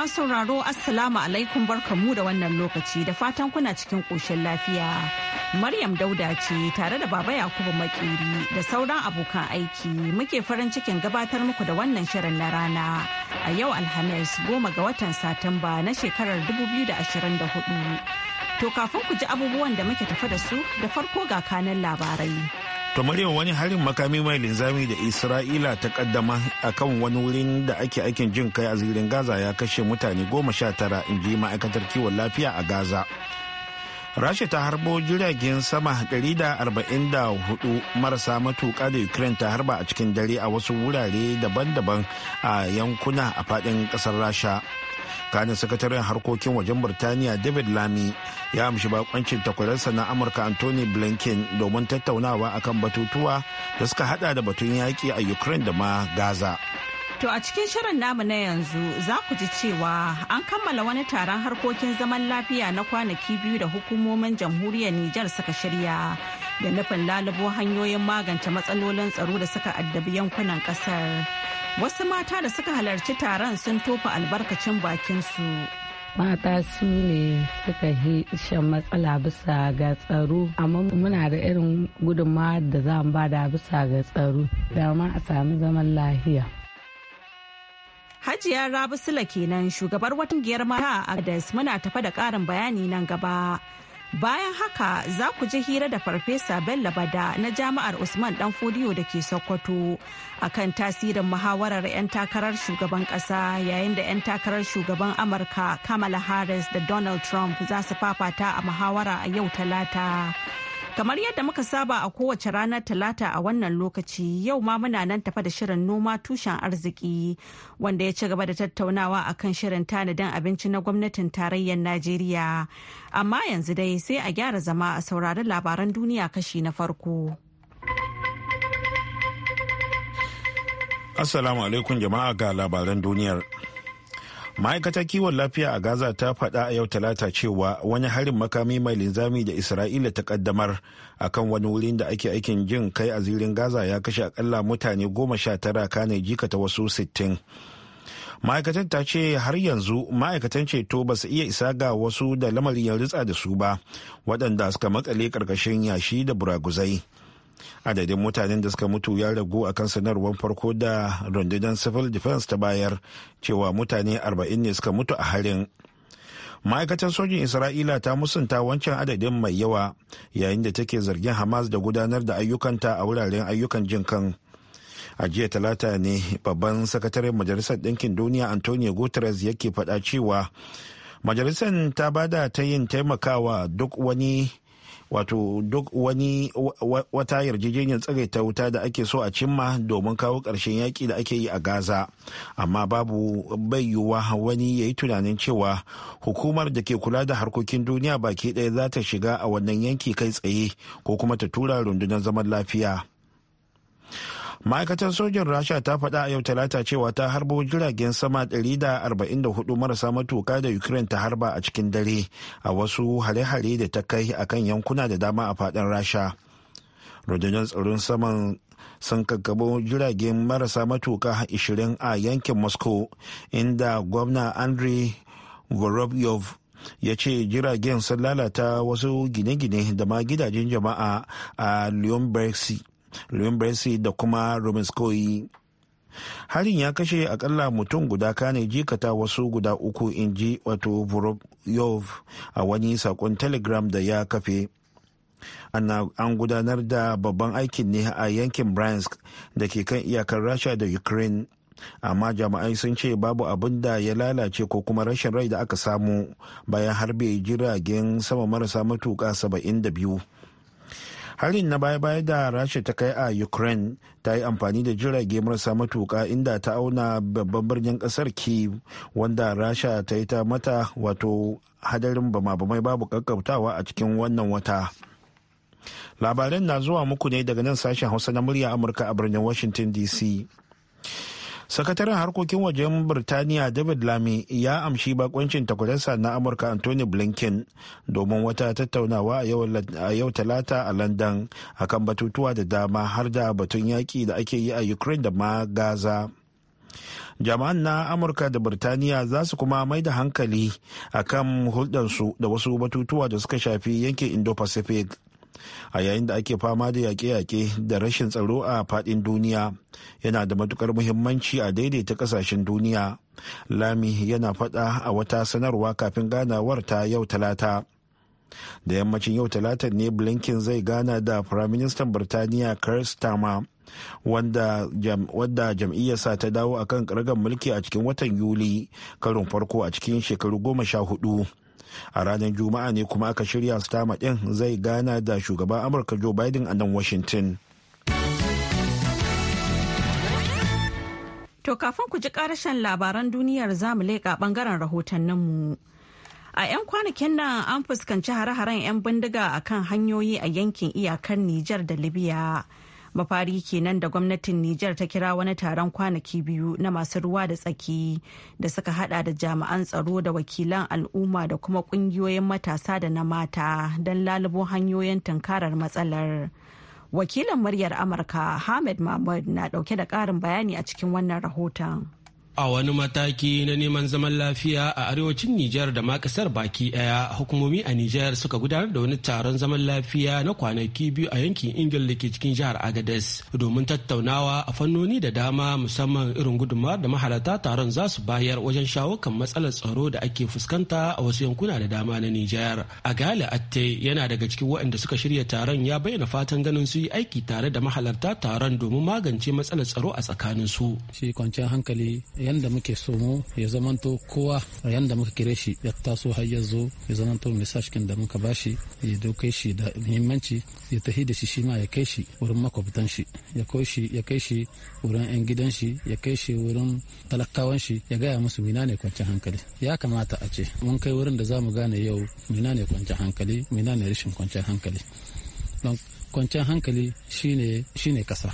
masu sauraro Assalamu alaikum barkamu da wannan lokaci da fatan kuna cikin koshin lafiya. Maryam Dauda ce tare da Baba Yakubu Makeri da sauran abokan aiki muke farin cikin gabatar muku da wannan shirin na rana a yau Alhamis goma ga watan Satumba na shekarar 2024. To kafin ku ji abubuwan da muke tafa da su da farko ga kanan labarai. To Maryam wani harin makami mai linzami da Isra'ila ta kaddama a kan wani wurin da ake aikin jin kai a zirin Gaza ya kashe mutane goma sha tara in ji ma'aikatar kiwon lafiya a Gaza. Rasha ta harbo jiragen sama da da arba'in 144 marasa matuka da Ukraine ta harba a cikin dare a wasu wurare daban-daban a yankuna a faɗin ƙasar Rasha. kanin sakataren harkokin wajen birtaniya david lami ya amshi bakoncin takwararsa na amurka anthony blinken domin tattaunawa akan batutuwa da suka hada da batun yaƙi a ukraine da ma gaza To a cikin shirin namu na yanzu za ku ji cewa an kammala wani taron harkokin zaman lafiya na kwanaki biyu da hukumomin jamhuriyar Nijar suka shirya da nufin lalubo hanyoyin magance matsalolin tsaro da suka addabi yankunan kasar. Wasu mata da suka halarci taron sun tofa albarkacin bakinsu. mata su ne suka yi shan matsala bisa ga tsaro amma muna da irin gudunma da za mu da bisa ga tsaro dama a sami zaman lafiya. Hajiya Rabi Sula kenan shugabar watan wata mata a Agadez muna tafa da ƙarin bayani nan gaba. Bayan haka za ku ji hira da Farfesa Bello Bada na Jami'ar Usman Dan Fodiyo da ke Sokoto akan tasirin muhawarar 'yan takarar shugaban ƙasa yayin da 'yan takarar shugaban Amurka Kamala Harris da Donald Trump za su fafata a muhawara a yau talata. Kamar yadda muka saba a kowace ranar Talata a wannan lokaci yau ma muna nan tafa da shirin noma tushen arziki wanda ya ci gaba da tattaunawa a kan shirin tanadin abinci na gwamnatin tarayyar Najeriya. Amma yanzu dai sai a gyara zama a saurari labaran duniya kashi na farko. Assalamu alaikum jama'a ga labaran duniyar. ma'aikatar kiwon lafiya a gaza ta faɗa a yau talata cewa wani harin makami mai linzami da isra'ila ta kaddamar akan wani wurin da ake aikin jin kai a zirin gaza ya kashe akalla mutane goma sha tara kane ta wasu sittin ma'aikatan ta ce har yanzu ma'aikatan ceto ba su iya isa ga wasu da lamarin ya ritsa da su ba waɗanda suka matsale ƙarƙashin yashi da buraguzai adadin mutanen da suka mutu ya ragu a kan sanarwar farko da rundunar civil defense ta bayar cewa mutane 40 ne suka mutu a harin ma'aikatar sojin isra'ila ta musunta wancan adadin mai yawa yayin da take zargin hamas da gudanar da ayyukanta a wuraren ayyukan jin kan a jiya talata ne babban sakataren majalisar ɗinkin duniya antonio guterres yake faɗa cewa majalisar ta bada ta yin taimakawa duk wani wato duk wani wata yarjejeniyar tsagaita wuta da ake so a cimma domin kawo ƙarshen yaƙi da ake yi a gaza amma babu bai yiwuwa wani ya yi tunanin cewa hukumar da ke kula da harkokin duniya baki ɗaya za ta shiga a wannan yanki kai tsaye ko kuma ta tura rundunar zaman lafiya ma'aikatar sojin rasha ta faɗa a yau talata cewa ta harbo jiragen sama 144 marasa matuka da ukraine ta harba a cikin dare a wasu hare-hare da ta kai a kan yankuna da dama a faɗin rasha rundunar tsaron saman sun kakkabo jiragen marasa matuka 20 a yankin moscow inda gwamna andrei vorobyov ya ce jiragen sun lalata wasu gine-gine da ma gidajen jama'a a leonbergsy Lumbesi da kuma Rumiskoyi. Harin ya kashe akalla mutum guda kane jikata wasu guda uku in ji wato Voroyov a wani sakon telegram da ya kafe. An gudanar da babban aikin ne a yankin Bransk da ke kan iyakar Rasha da Ukraine. amma jami'ai sun ce babu abin da ya lalace ko kuma rashin rai da aka samu bayan harbe jiragen sama marasa matuƙa 72. harin na baya-baya da rasha ta kai a ukraine ta yi amfani da jirage marasa matuka inda ta auna babban birnin kasar kiev wanda rasha ta yi ta mata wato hadarin bama-bamai babu kakkautawa a cikin wannan wata labaran na zuwa muku ne daga nan sashen hausa na murya amurka a birnin washington dc sakataren harkokin wajen birtaniya david lami ya amshi bakoncin takwadarsa na amurka anthony blinken domin wata tattaunawa a yau talata a london akan batutuwa da dama har da batun yaƙi da ake yi a ukraine da ma gaza jama'an na amurka da birtaniya za su kuma mai da hankali akan hulɗarsu da wasu batutuwa da suka shafi yankin indo-pacific a yayin da ake fama da yaƙe-yaƙe da rashin tsaro a faɗin duniya yana da matukar muhimmanci a daidaita ƙasashen duniya lami yana faɗa a wata sanarwa kafin ganawar ta yau talata da yammacin yau talata ne blinken zai gana da firaministan birtaniya keir starmer wanda jam'iyyarsa ta dawo akan kan mulki a cikin watan yuli karin farko a cikin shekaru goma sha hudu a ranar juma'a ne kuma aka shirya stama din zai gana da shugaban amurka joe biden a nan washington to kafin ku ji karashen labaran duniyar zamu leƙa ɓangaren rahotanninmu a 'yan kwanakin nan an fuskanci hare-haren 'yan bindiga a kan hanyoyi a yankin iyakar nijar da libya mafari kenan da gwamnatin Nijar ta kira wani taron kwanaki biyu na masu ruwa da tsaki da suka hada da jami'an tsaro da wakilan al'umma da kuma kungiyoyin matasa da na mata don lalubo hanyoyin tunkarar matsalar. wakilan muryar Amurka Hamid Mahmud na dauke da karin bayani a cikin wannan rahoton. a wani mataki na neman zaman lafiya a arewacin Nijar da ma kasar baki daya hukumomi a Nijar suka gudanar da wani taron zaman lafiya na kwanaki biyu a yankin Ingil da ke cikin jihar Agadez domin tattaunawa a fannoni da dama musamman irin gudunmawar da mahalarta taron za su bayar wajen shawo kan matsalar tsaro da ake fuskanta a wasu yankuna da dama na Nijar. Agale Atte yana daga cikin waɗanda suka shirya taron ya bayyana fatan ganin su yi aiki tare da mahalarta taron domin magance matsalar tsaro a tsakanin su. Shi kwanciyar hankali yanda muke so mu ya zamanto kowa yanda muka kire shi ya taso har ya zo ya zamanto message kin da muka bashi ya dauke shi da muhimmanci ya tahi da shi shi ma ya kai shi wurin makwabtan shi ya kai shi ya kai shi wurin yan gidan shi ya kai shi wurin talakawan shi ya gaya musu mina ne kwanciyar hankali ya kamata a ce mun kai wurin da zamu gane yau mina ne kwanciyar hankali mina ne rashin kwanciyar hankali don kwanciyar hankali shine shine kasa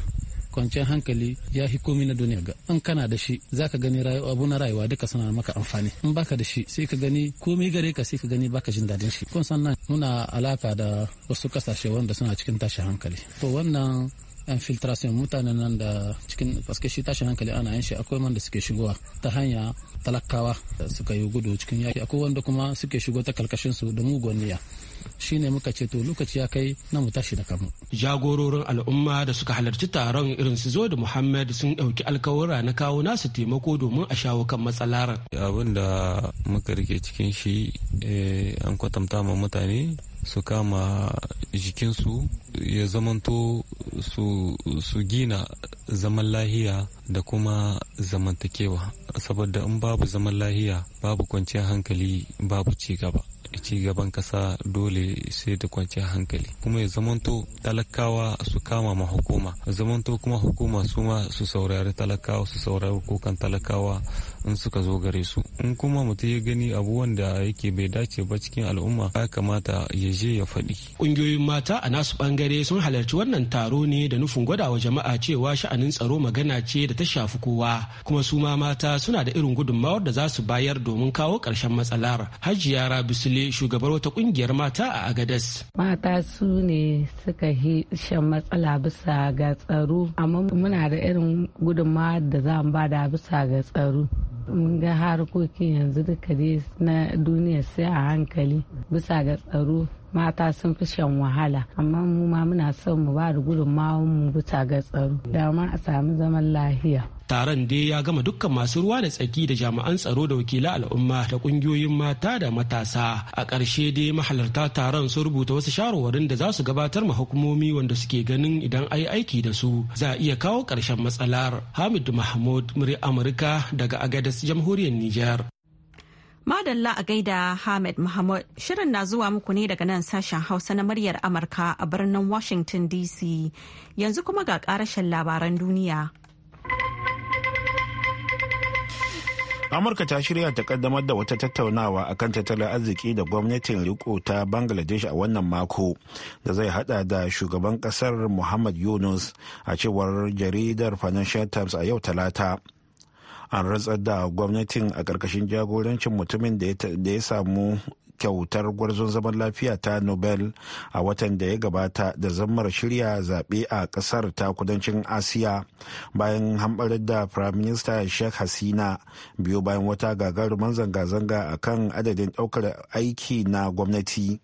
kwanciyar hankali ya fi komi na duniya ga in kana da shi zaka gani abu na rayuwa duka suna maka amfani in baka da shi sai ka gani komi gare ka sai ka gani baka jin dadin shi kun san nan muna alaka da wasu kasashe wanda suna cikin tashin hankali to wannan infiltration mutanen nan da cikin paske shi tashin hankali ana yin shi akwai wanda suke shigowa ta hanya talakawa suka yi gudu cikin yaki akwai wanda kuma suke shigo ta kalkashin su da muguwan niyya shine muka ce to lokaci ya kai na mu tashi da kamu jagororin al'umma da suka halarci taron irin su zo da muhammad sun ɗauki alkawura na kawo nasu taimako domin a shawo kan matsalar abin da muka rike cikin shi eh, an kwatanta ma mutane su kama jikinsu ya zamanto su, gina zaman lahiya da kuma zamantakewa saboda in babu zaman lahiya babu kwanciyar hankali babu ci gaba ci gaban kasa dole sai da kwanciyar hankali kuma ya zamanto talakawa su kama ma hukuma zamanto kuma hukuma su ma su saurari talakawa su saurari kukan talakawa in suka zo gare su in kuma mutum ya gani abubuwan da yake bai dace ba cikin al'umma ya kamata ya je ya faɗi. ƙungiyoyin mata a nasu bangare sun halarci wannan taro ne da nufin gwadawa jama'a cewa sha'anin tsaro magana ce da ta shafi kowa kuma su ma mata suna da irin gudunmawar da za su bayar domin kawo ƙarshen matsalar hajiya rabisule shugabar wata kungiyar mata a Agadas. Mata su ne suka hi shan matsala bisa ga tsaro, amma muna da irin gudunma da za mu bada bisa ga tsaro. mun ga harkokin yanzu duka na duniya sai a hankali bisa ga tsaro mata sun fi shan wahala amma mu ma muna son mu ba da gudunmawar mu bisa ga tsaro dama a sami zaman lahiya taron dai ya gama dukkan masu ruwa da tsaki da jami'an tsaro da wakilan al'umma da kungiyoyin mata da matasa a ƙarshe dai mahalarta taron sun rubuta wasu shawarwarin da za su gabatar ma hukumomi wanda suke ganin idan ai aiki da su za a iya kawo ƙarshen matsalar hamid mahmud muri amurka daga agadas jamhuriyar niger Madalla a gaida Hamid mahmud shirin na zuwa muku ne daga nan sashen Hausa na muryar Amurka a birnin Washington DC yanzu kuma ga karashen labaran duniya. amurka ta shirya ta kaddamar da wata tattaunawa akan tattalin arziki da gwamnatin riko ta bangladesh a wannan mako da zai hada da shugaban kasar muhammad yunus a cewar jaridar financial times a yau talata an rantsar da gwamnatin a ƙarƙashin jagorancin mutumin da ya samu kyautar gwarzon zaman lafiya ta nobel a watan da ya gabata da zammar shirya zaɓe a ƙasar ta kudancin asiya bayan hambarar da prime minister sheikh hasina biyo bayan wata gagarumin zanga-zanga a kan adadin ɗaukar aiki na gwamnati.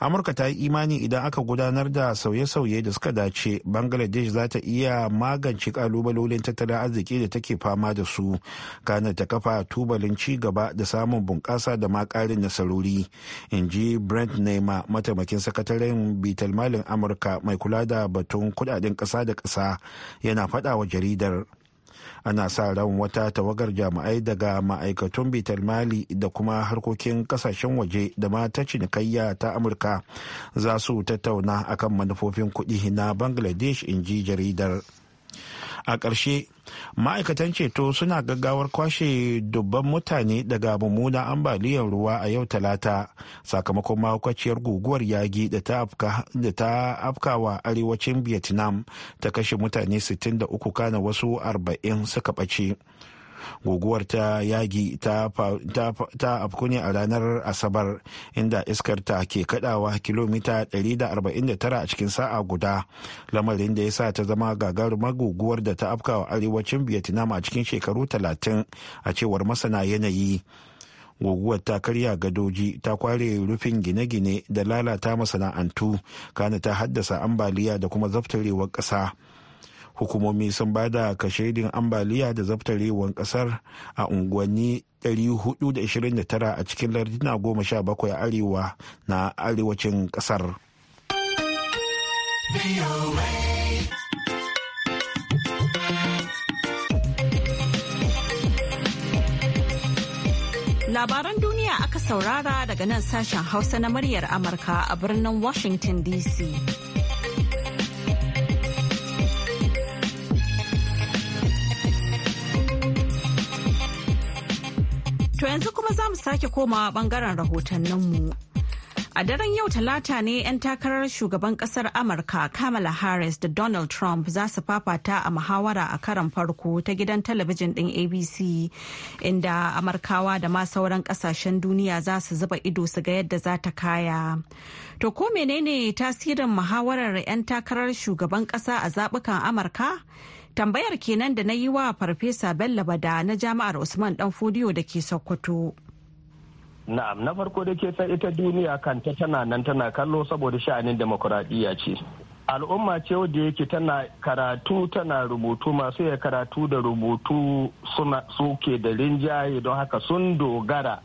amurka ta yi imani idan aka gudanar da sauye-sauye da suka dace bangladesh za ta iya magance kalubalolin tattalin arziki da take fama da su kana ta kafa tubalin ci gaba da samun bunƙasa da makarin nasarori in ji brent neymar mataimakin sakataren bitalmalin amurka mai kula da batun kudaden ƙasa da ƙasa yana faɗa wa jaridar ana sa ran wata tawagar jami'ai daga ma'aikatun bitar mali da kuma harkokin kasashen waje da ma ta cinikayya ta amurka za su tattauna akan manufofin kuɗi na bangladesh in ji jaridar a ƙarshe ma'aikatan ceto suna gaggawar kwashe dubban mutane daga mummunan ambaliyar ruwa a yau talata sakamakon mahaukaciyar guguwar yagi da ta afka wa arewacin vietnam ta kashe mutane 63 kana wasu 40 suka ɓace guguwar ta yagi ta afku ne a ranar asabar inda iskar ta ke kadawa kilomita 149 a cikin sa'a guda lamarin da ya sa ta zama gagarumar guguwar da ta afkawa arewacin vietnam a cikin shekaru 30 a cewar masana yanayi guguwar ta karya gadoji ta kware rufin gine-gine da lalata masana'antu kana ta haddasa ambaliya da kuma zaftarewar ƙasa. hukumomi sun ba da kashedin ambaliya da zaftarewar kasar a unguwanni 429 a cikin lardina 17 arewa na arewacin kasar labaran duniya aka saurara daga nan sashen hausa na muryar amurka a birnin washington dc yanzu kuma za mu sake komawa bangaren rahotanninmu. A daren yau talata ne 'yan takarar shugaban kasar Amurka Kamala Harris da Donald Trump za su fafata a muhawara a karan farko ta gidan talabijin ɗin ABC inda Amurkawa da ma sauran kasashen duniya za su zuba ido su ga yadda za ta kaya. To ko menene tasirin muhawarar 'yan takarar shugaban ƙasa a zaɓukan Amurka? Tambayar kenan da na yi wa Farfesa Bello Bada na Jami'ar Usman Dan Fodiyo da ke Sokoto. Na'am, na farko da ke san ita duniya kanta tana nan tana kallo saboda sha'anin demokuraɗiyya ce. Al'umma ce wadda yake tana karatu tana rubutu masu ya karatu da rubutu suna suke da rinjaye don haka sun dogara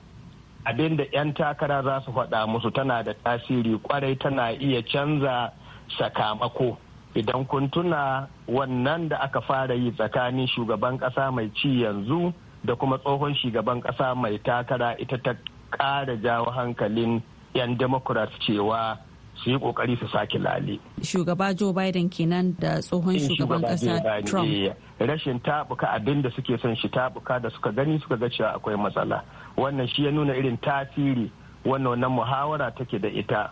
abinda 'yan takara za su faɗa musu tana da tasiri kwarai tana iya canza sakamako. idan kun tuna wannan da aka fara yi tsakanin shugaban kasa mai ci yanzu da kuma tsohon shugaban kasa mai takara ita ta ƙara jawo hankalin 'yan democrats cewa su yi kokari su sake lale. Shugaba Joe Biden kenan da tsohon shugaban kasa Trump. Eh, rashin tabuka abin da suke son shi tabuka da suka gani suka ga cewa akwai matsala. Wannan shi ya nuna irin tasiri wannan muhawara take da ita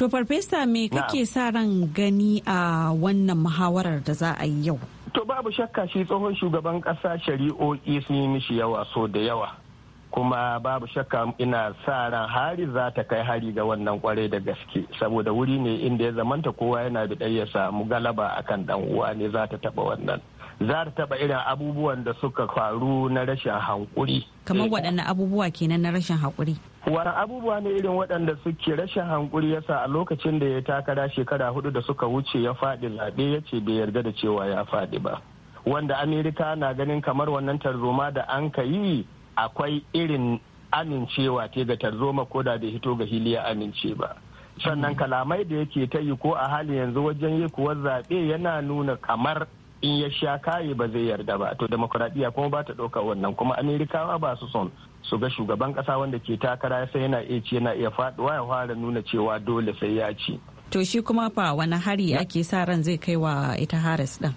To farfesa me kake sa ran gani a wannan muhawarar da za a yi yau? To babu shakka shi tsohon shugaban ƙasa shari'o'i sun yi mishi yawa so da yawa. kuma babu shakka ina sa ran hari za ta kai hari ga wannan kwarai da gaske saboda wuri ne inda ya zamanta kowa yana da ya samu galaba akan dan uwa ne za ta taba wannan za ta taba irin abubuwan da suka faru na rashin hankuri kamar eh. waɗanne abubuwa kenan na rashin hankuri wani abubuwa ne irin waɗanda suke rashin hankuri yasa a lokacin da ya takara shekara hudu da suka wuce ya faɗi zaɓe ya ce bai yarda da cewa ya faɗi ba wanda amerika na ganin kamar wannan tarzoma da an ka yi akwai irin amincewa te ga tarzoma ko da bai hito ga hili ya amince ba sannan kalamai da yake ta yi ko a hali yanzu wajen yi kuwa zaɓe yana nuna kamar in ya sha kaye ba zai yarda ba to demokuraɗiyya kuma ba ta ɗauka wannan kuma amerikawa ba su son su ga shugaban kasa wanda ke takara sai yana iya ci yana iya faduwa ya fara nuna cewa dole sai ya ci to shi kuma fa wani hari ake sa ran zai kai wa ita haris din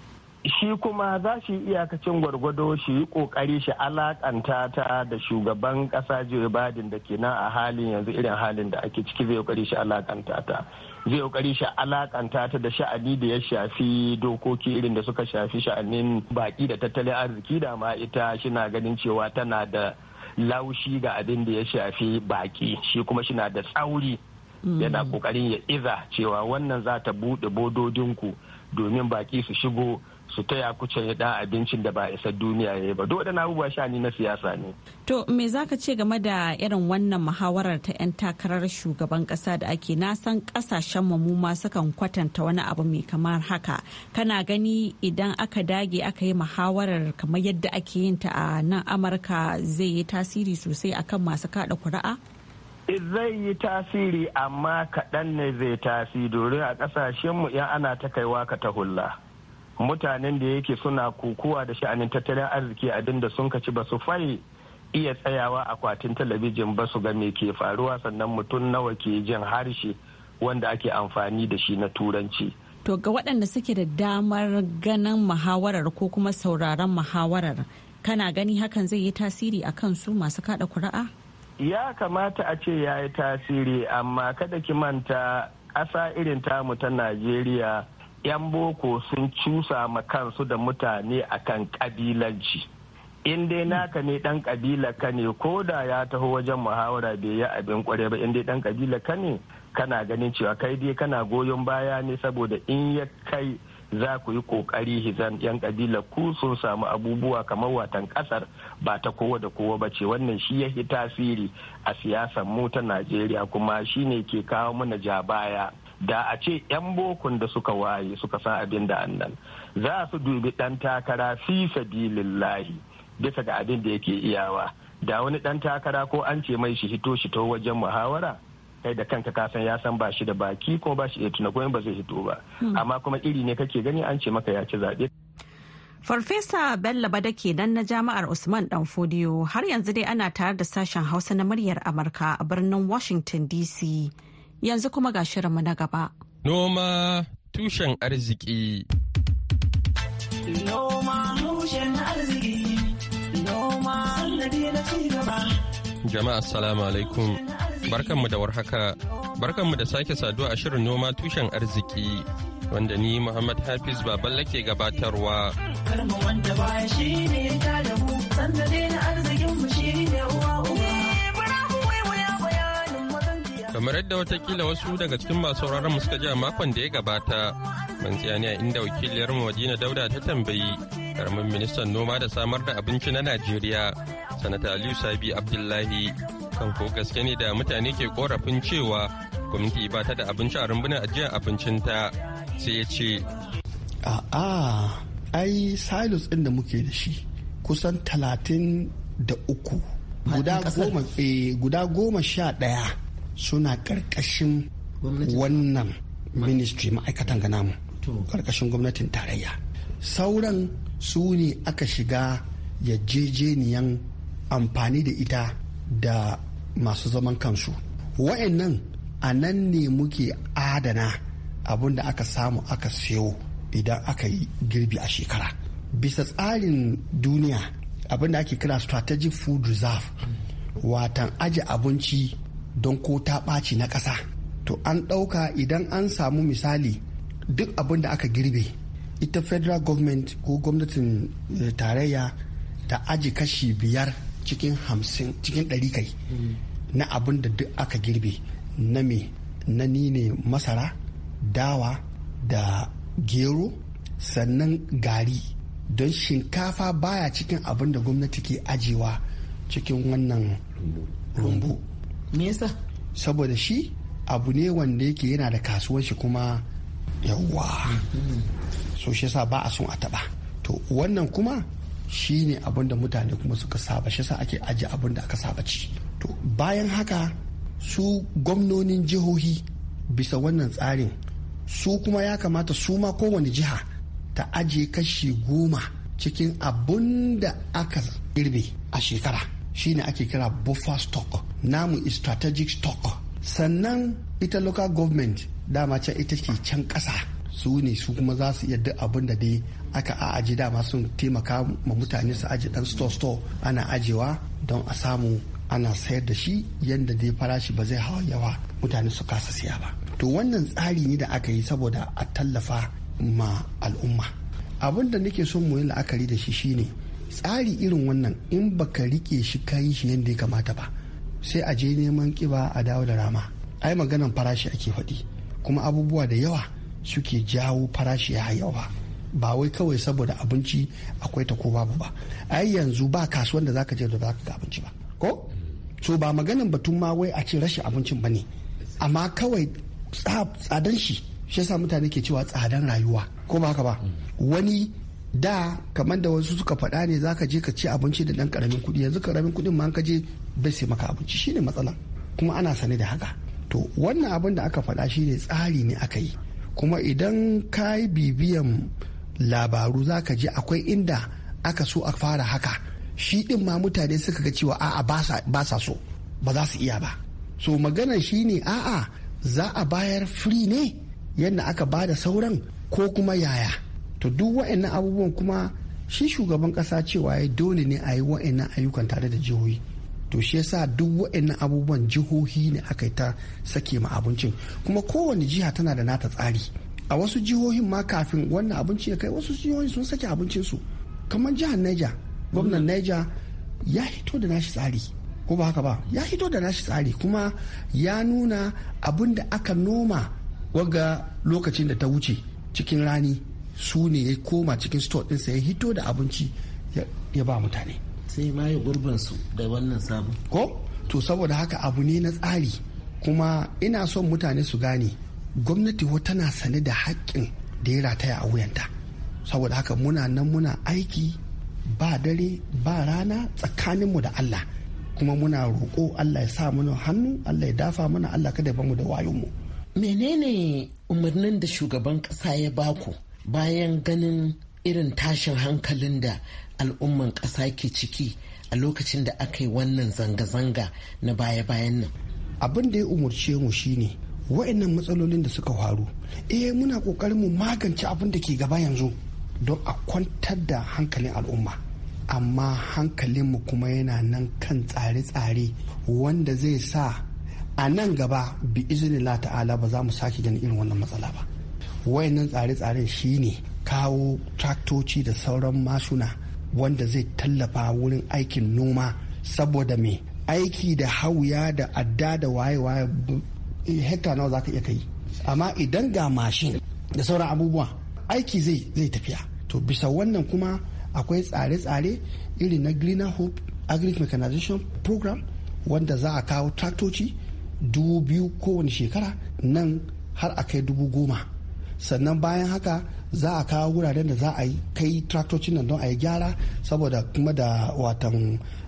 shi kuma za shi iyakacin gwargwado shi yi kokari shi alakanta ta da shugaban kasa Joe Biden da ke nan a halin yanzu irin halin da ake ciki zai kokari shi alakanta ta zai kokari shi alakanta ta da sha'ani da ya shafi dokoki irin da suka shafi sha'anin baki da tattalin arziki da ma ita shina ganin cewa tana da laushi ga abin da ya shafi baki shi kuma shi na da tsauri yana mm. kokarin ya iza cewa wannan za ta buɗe bododinku domin baki su shigo su taya ya dan abincin da ba isa duniya ya ba duk waɗannan abubuwa shani na siyasa ne. To me za ka ce game da irin wannan muhawarar ta 'yan takarar shugaban ƙasa da ake na san kasashen mu ma sukan kwatanta wani abu mai kamar haka kana gani idan aka dage aka yi muhawarar kamar yadda ake yin ta a nan Amurka zai yi tasiri sosai akan masu kaɗa kuri'a? Eh, zai yi tasiri amma kaɗan ne zai tasiri domin a ƙasashenmu 'yan ana ta kaiwa ka ta hulla. mutanen da yake suna kukuwa da sha'anin tattalin arziki abinda sun kaci ba su fai iya tsayawa akwatin talabijin ba su ga me ke faruwa sannan mutum nawa ke jin harshe wanda ake amfani da shi na turanci to ga waɗanda suke da damar ganin muhawarar ko kuma sauraron muhawarar kana gani hakan zai yi tasiri a su masu kada kuri'a ya kamata a ce ya yi tasiri amma kada ki manta ƙasa irin tamu ta najeriya 'yan boko sun cusa ma kansu da mutane akan kabilanci in dai hmm. naka ne dan kabila ka ne ko da ya taho wajen muhawara bai yi abin kware ba in dai dan kabila ka ne kana ganin cewa kai dai kana goyon baya ne saboda in ya kai za ku yi kokari hizan yan kabila ku sun samu abubuwa kamar watan kasar ba ta kowa da kowa ba ce wannan shi ya tasiri a siyasar mu ta najeriya kuma shine ke kawo mana ja baya da a ce 'yan bokun da suka waye suka san abin da annan za su dubi ɗan takara fi sabilillahi bisa ga abin da yake iyawa da wani ɗan takara ko an ce mai shi hito shi to wajen muhawara kai da kanka kasan ya san ba shi da baki ko ba shi tuna ba zai hito ba hmm. amma kuma iri ne kake gani an ce maka ya ci zaɓe. Farfesa Bello Bada kenan na jama'ar Usman Danfodiyo har yanzu dai ana tare da sashen Hausa na muryar Amurka a birnin Washington DC. yanzu kuma ga shirinmu na gaba. Noma tushen arziki. Noma tushen arziki. Noma na Jama'a salamu alaikum. Barkanmu da warhaka. Barkanmu da sake saduwa a shirin noma tushen arziki. Wanda ni Muhammad Hafiz Baballa ke gabatarwa. Karmu wanda baya shi ne ta da mu, sanda na arzikin mu shi ne uwa uwa. kamar yadda watakila wasu daga cikin masu mu suka ji a makon da ya gabata ban ne a inda wakiliyar madina dauda ta tambayi karamin ministan noma da samar da abinci na najeriya sanata aliyu sabi abdullahi kan ko gaske ne da mutane ke korafin cewa gwamnati ba ta da abinci a rumbunan ajiyar ta sai ya ce a'a ai silos ɗin da muke da shi kusan talatin da uku eh, guda goma sha ɗaya suna ƙarƙashin wannan ministry ma'aikatan ga namu karkashin gwamnatin tarayya sauran su ne aka shiga ya jejeniyan amfani da ita da masu zaman kansu wa'annan a nan ne muke adana abin da aka samu aka siyo idan aka yi girbi a shekara bisa tsarin duniya abin da ake kira strategic food reserve watan aje abinci don ko ta ɓaci na ƙasa to an ɗauka idan an samu misali duk abin da aka girbe ita federal government ko gwamnatin eh, tarayya ta aji kashi biyar cikin hamsin cikin ɗari kai mm. na abin da duk aka girbe na me na nine masara dawa da gero sannan gari don shinkafa baya cikin abin da gwamnati ke ajiwa cikin wannan rumbu me yasa saboda shi abu ne wanda yake yana da kasuwar shi kuma yawwa so shi yasa ba a son a taba to wannan kuma shi ne abin da mutane kuma suka saba shi yasa ake ajiye abin da aka saba ci to bayan haka su gwamnonin jihohi bisa wannan tsarin su kuma ya kamata su ma kowane jiha ta ajiye kashi goma cikin abin da aka girbe a shekara shine ake kira buffer stock namu strategic stock sannan ita local government dama can ita ke can kasa su ne su kuma za su yadda abin da dai aka a aji dama sun taimaka ma mutane su aji dan store store ana ajewa don a samu ana sayar da shi yadda dai farashi ba zai hawa yawa mutane su kasa siya ba to wannan tsari ne da aka yi saboda a tallafa ma al'umma abin da nake son mu yi la'akari da shi shine tsari irin wannan in baka rike shi kayi shi yadda ya kamata ba sai a je neman kiba a dawo da rama ai maganan farashi ake faɗi kuma abubuwa da yawa suke jawo farashi ya yawa ba wai kawai saboda abinci akwai ta ko babu ba ai yanzu ba kasuwan da zaka je da zaka ga abinci ba ko so ba maganan batun ma wai a ce rashin abincin ba ne amma kawai tsadan shi shi yasa mutane ke cewa tsadan rayuwa ko ba haka ba wani da kamar da wasu suka faɗa ne zaka je ka ci abinci da ɗan karamin kuɗi yanzu karamin kuɗin ma ka je bai sai maka abinci shine matsalan kuma ana sane da haka to wannan abin da aka faɗa shine tsari ne aka yi kuma idan ka yi bibiyan labaru za ka ji akwai inda aka so a fara haka shi din ma mutane suka ga cewa a'a ba sa so ba za su iya ba so maganar shine a'a za a bayar firi ne yadda aka ba da sauran ko kuma yaya to duk wa'annan abubuwan kuma shi shugaban kasa cewa ya dole ne a yi wa'annan ayyukan tare da jihohi to shi yasa duk waɗannan abubuwan jihohi ne aka yi ta sake ma abincin kuma kowane jiha tana da nata tsari a wasu jihohin ma kafin wannan abinci ya kai wasu jihohin sun sake abincin su kamar jihar Niger gwamnan mm-hmm. Niger ya hito da nashi tsari ko ba haka ba ya hito da nashi tsari kuma ya nuna abin da aka noma waga lokacin da ta wuce cikin rani su ne ya koma cikin store ɗinsa ya hito da abinci ya ba mutane sai ma yi gurbin da wannan sabon ko to saboda haka abu ne na tsari kuma ina son mutane su gane gwamnati tana sane da haƙƙin da ya rataya a wuyanta saboda haka muna nan muna aiki ba dare ba rana tsakaninmu da Allah kuma muna roƙo Allah ya sa mana hannu Allah ya dafa mana Allah kada ya bamu da wayonmu. menene umarnin da shugaban ƙasa ya baku bayan ganin irin tashin hankalin da al'umman ƙasa ke ciki a lokacin da aka yi wannan zanga-zanga na baya-bayan nan abin da ya umarce mu shine wa'annan matsalolin da suka faru eh muna kokarin mu magance abin da ke gaba yanzu don a kwantar da hankalin al'umma amma hankalin mu kuma yana nan kan tsare-tsare wanda zai sa a nan gaba bi la ta'ala ba za mu sake ganin irin wannan matsala ba wayannan tsare-tsaren shine kawo traktoci da sauran masuna. wanda zai tallafa wurin aikin noma saboda mai aiki da hauya da adda da waye-waye eh, hekta nawa za ka iya kai amma idan ga mashin da sauran abubuwa aiki zai zai tafiya to bisa wannan kuma akwai tsare-tsare irin na greener hope agric mechanization program wanda za a kawo traktoci dubu biyu kowane shekara nan har a kai dubu goma sannan bayan haka za a kawo wuraren da za a kai traktocin nan don a yi gyara saboda kuma da watan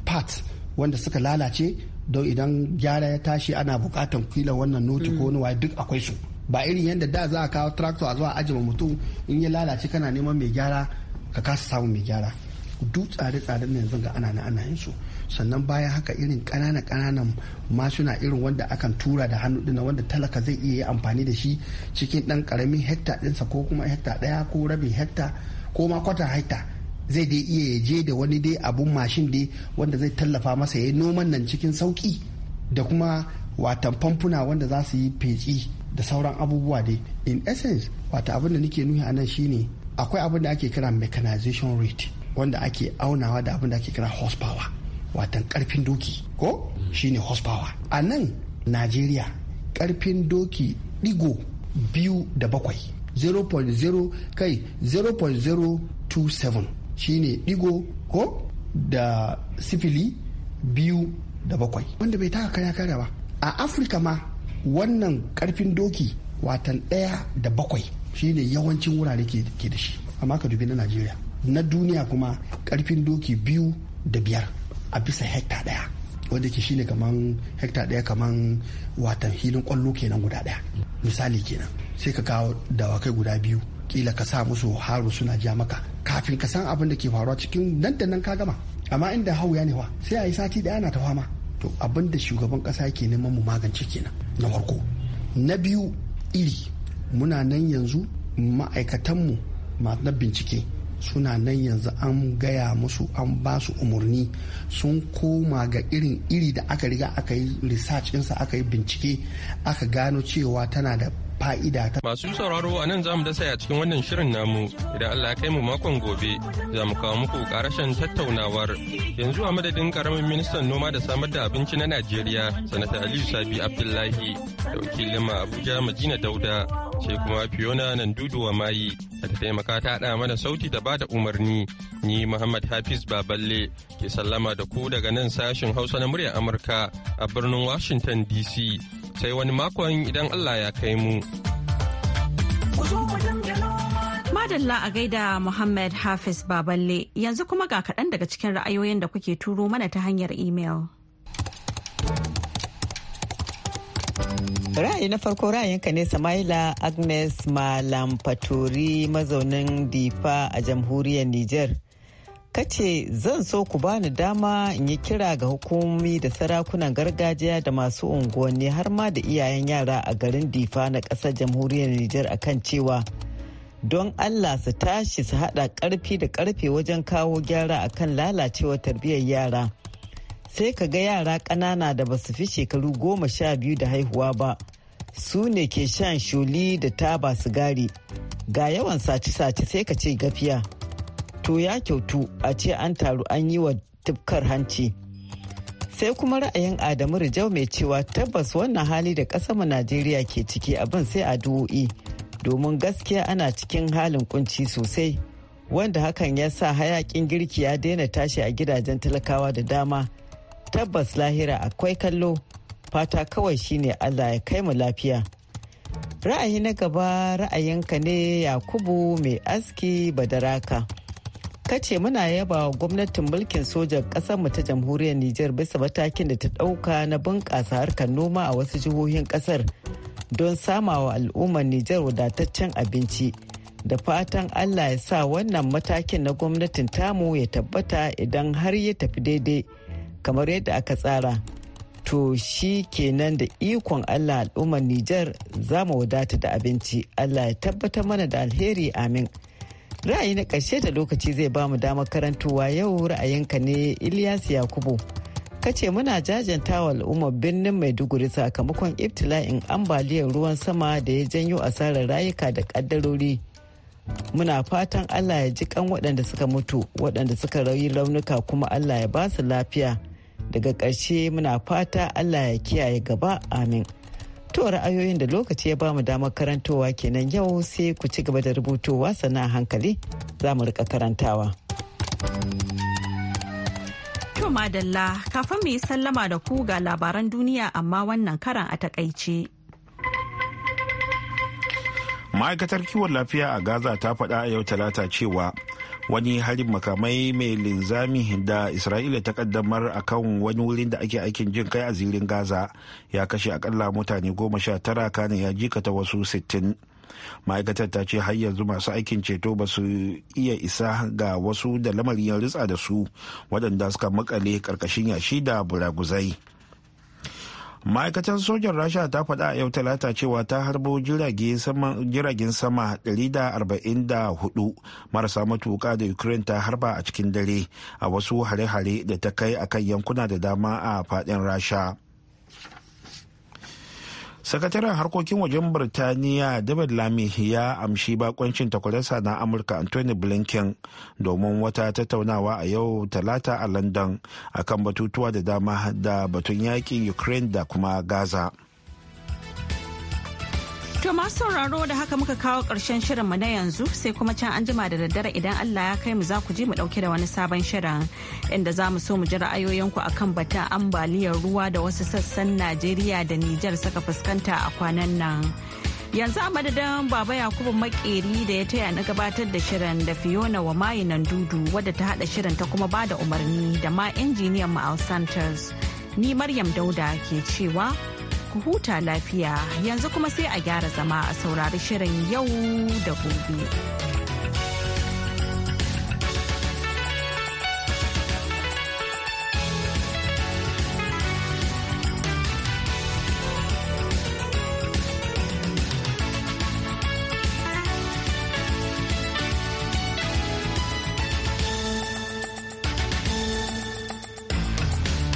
part wanda suka lalace don idan gyara ya tashi ana bukatan kila wannan noti ko wani duk akwai su ba irin yadda da za a kawo traktor a zuwa ajiye mutum in ya lalace kana neman mai gyara ka kasa samun mai gyara duk tsare tsare na yanzu ga ana na ana yin su sannan bayan haka irin ƙanana ƙananan suna irin wanda akan tura da hannu dina wanda talaka zai iya yi amfani da shi cikin ɗan ƙaramin hekta ɗinsa ko kuma hekta ɗaya ko rabin hekta ko ma kwata hekta zai dai iya je da wani dai abun mashin dai wanda zai tallafa masa ya yi noman nan cikin sauƙi da kuma watan famfuna wanda za su yi fetsi da sauran abubuwa dai in essence wata abin da nake nuhi a nan shine akwai abin da ake kira mechanization rate wanda ake aunawa da abin da ake kira horsepower watan karfin doki ko shine horsepower a nan najeriya karfin doki digo biyu da bakwai 0.0 kai 0.027 shine digo ko da sifili biyu da bakwai wanda bai taka kaya kare ba a afirka ma wannan karfin doki watan ɗaya da bakwai shine yawancin wurare ke da shi amma ka dubi na najeriya na duniya kuma karfin doki biyu da biyar a bisa hekta daya wanda ke shine kaman hekta daya kaman watan hilin kwallo kenan guda daya misali kenan sai ka kawo dawakai guda biyu kila ka sa musu haro suna ja maka kafin ka san abin da ke faruwa cikin nan da nan ka gama amma inda hau ne newa sai a yi sati daya na ta fama to abin da shugaban kasa ke neman mu magance kenan na farko na biyu iri muna nan yanzu ma'aikatanmu na bincike suna nan yanzu an gaya musu an ba su umarni sun koma ga irin iri da aka riga aka yi research ɗinsa aka yi bincike aka gano cewa tana da fa'ida ta. Masu sauraro a nan za mu dasa a cikin wannan shirin namu idan Allah ya kai mu makon gobe za mu kawo muku karashen tattaunawar yanzu a madadin karamin ministan noma da samar da abinci na Najeriya sanata Aliyu Sabi Abdullahi da wakilin ma Abuja Madina Dauda ce kuma Fiona Nandudu wa Mayi da ta taimaka ta haɗa mana sauti da bada umarni ni Muhammad Hafiz Baballe ke sallama da ku daga nan sashin Hausa na muryar Amurka a birnin Washington DC. sai wani makon idan Allah ya kai mu. Madalla a gaida Muhammad Hafiz Baballe yanzu kuma ga kaɗan daga cikin ra'ayoyin da kuke turo mana ta hanyar email. ra'ayi na farko ra'ayinka ne samaila agnes malam faturi mazaunin difa a jamhuriyar Nijar. ce zan so ku bani dama in yi kira ga hukumomi da sarakunan gargajiya da masu unguwanni har ma da iyayen yara a garin difa na ƙasar jamhuriyar nijar akan cewa don allah su tashi su haɗa ƙarfi da ƙarfe wajen kawo gyara akan lalacewa tarbiyyar yara sai ka ga yara ƙanana da ba su fi shekaru goma sha biyu da haihuwa ba su ne ke shan shuli da taba sigari ga yawan sace-sace sai ka ce gafiya to ya kyautu a ce an taru an yi wa tufkar hanci sai kuma ra'ayin adamu rijau mai cewa tabbas wannan hali da mu najeriya ke ciki abin sai a duwoi domin gaskiya ana cikin halin kunci sosai wanda hakan ya sa hayakin girki ya daina tashi a gidajen talakawa da dama tabbas lahira akwai kallo fata kawai shine allah ya kai mu lafiya ra'ayi na gaba ra'ayinka ne yakubu mai aski badaraka ta ce muna yaba wa gwamnatin mulkin sojan ƙasar mu ta jamhuriyar Nijar bisa matakin da ta ɗauka na bunƙasa harkar noma a wasu jihohin ƙasar don samawa al'ummar Nijar wadataccen abinci. Da fatan Allah ya sa wannan matakin na gwamnatin tamu ya tabbata idan har ya tafi daidai kamar yadda aka tsara. To shi kenan da ikon Allah al'ummar Nijar za mu wadata da abinci. Allah ya tabbata mana da alheri amin. Ra'ayi na ƙarshe da lokaci zai ba mu damar karantowa yau ra'ayinka ne Ilyas Yakubu. Kace muna jajantawa al'ummar birnin Maiduguri sakamakon ibtila'in ambaliyar ruwan sama da ya janyo asarar rayuka da ƙaddarori. Muna fatan Allah ya ji kan waɗanda suka mutu, waɗanda suka rauyi raunuka kuma Allah ya ba su lafiya. Daga ƙarshe muna fata Allah ya kiyaye gaba amin. To ra'ayoyin da lokaci ya ba mu damar karantowa kenan yau sai ku ci gaba da rubutowa sana hankali za mu rika karantawa. To madalla kafin mu yi sallama da ku ga labaran duniya amma wannan karan a takaice. ma'aikatar kiwon lafiya a gaza ta faɗa a yau talata cewa wani harin makamai mai linzami da isra'ila ta kaddamar a kan wani wurin da ake aikin jin kai a zirin gaza ya kashe akalla mutane goma sha tara kanin ya jikata wasu sittin ma'aikatar ta ce har yanzu masu aikin ceto ba su iya isa ga wasu da lamarin ritsa da su waɗanda suka makale ƙarƙashin yashi da buraguzai. ma'aikatan sojan rasha ta faɗa a yau talata cewa ta harbo jiragen sama 144 marasa matuƙa da ukraine ta harba a cikin dare a wasu hare-hare da ta kai a kan yankuna da dama a faɗin rasha sakataren harkokin wajen birtaniya david lami ya amshi bakoncin takwarasa na amurka anthony blinken domin wata tattaunawa a yau talata a london akan batutuwa da dama da batun yakin ukraine da kuma gaza To masu sauraro da haka muka kawo ƙarshen mu na yanzu sai kuma can an jima da daddare idan Allah ya kai mu za ku je mu ɗauke da wani sabon shirin inda za mu so mu ji ra'ayoyinku akan batun ambaliyar ruwa da wasu sassan Najeriya da Nijar suka fuskanta a kwanan nan. Yanzu a madadin Baba Yakubu Makeri da ya taya na gabatar da shirin da Fiona wa mayinan dudu wadda ta haɗa shirin ta kuma ba da umarni da ma injiniyan mu Al Santos. Ni Maryam Dauda ke cewa ku huta lafiya yanzu kuma sai a gyara zama a saurari shirin yau da gobe.